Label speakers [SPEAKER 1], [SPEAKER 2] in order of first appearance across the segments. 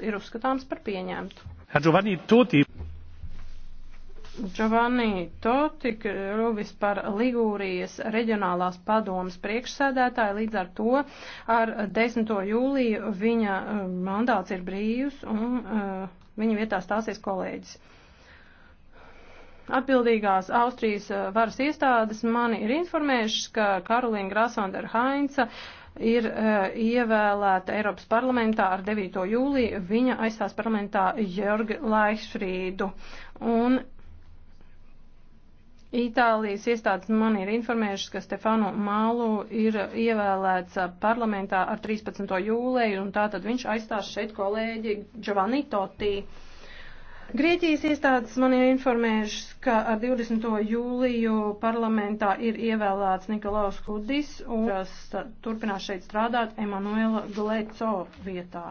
[SPEAKER 1] ir uzskatāms par pieņemtu. Giovanni Tuti. Giovanni Toti kļuvis par Ligūrijas reģionālās padomas priekšsēdētāju, līdz ar to ar 10. jūliju viņa uh, mandāts ir brīvs un uh, viņa vietā stāsies kolēģis. Atbildīgās Austrijas uh, varas iestādes mani ir informējušas, ka Karolīna Grasander Hainca uh, ir uh, ievēlēta Eiropas parlamentā ar 9. jūliju. Viņa aizstās parlamentā Jorgi Laišfrīdu. Un Itālijas iestādes man ir informējušas, ka Stefano Mālu ir ievēlēts parlamentā ar 13. jūlēju, un tātad viņš aizstās šeit kolēģi Giovanni Totī. Grieķijas iestādes man ir informējušas, ka ar 20. jūliju parlamentā ir ievēlēts Nikolaus Kudis, un kas turpinās šeit strādāt Emanuela Gleco vietā.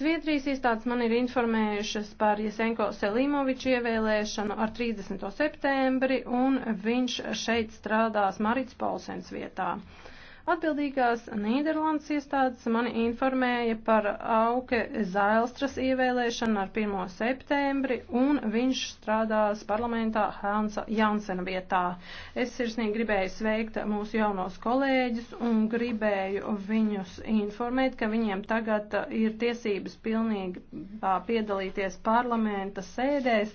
[SPEAKER 1] Sviedrijas iestādes man ir informējušas par Jesenko Selimoviču ievēlēšanu ar 30. septembri, un viņš šeit strādās Marits Paulsens vietā. Atbildīgās Nīderlandes iestādes mani informēja par Auke Zailstras ievēlēšanu ar 1. septembri, un viņš strādās parlamentā Hansa Jansena vietā. Es sirsnīgi gribēju sveikt mūsu jaunos kolēģus un gribēju viņus informēt, ka viņiem tagad ir tiesības pilnīgi piedalīties parlamenta sēdēs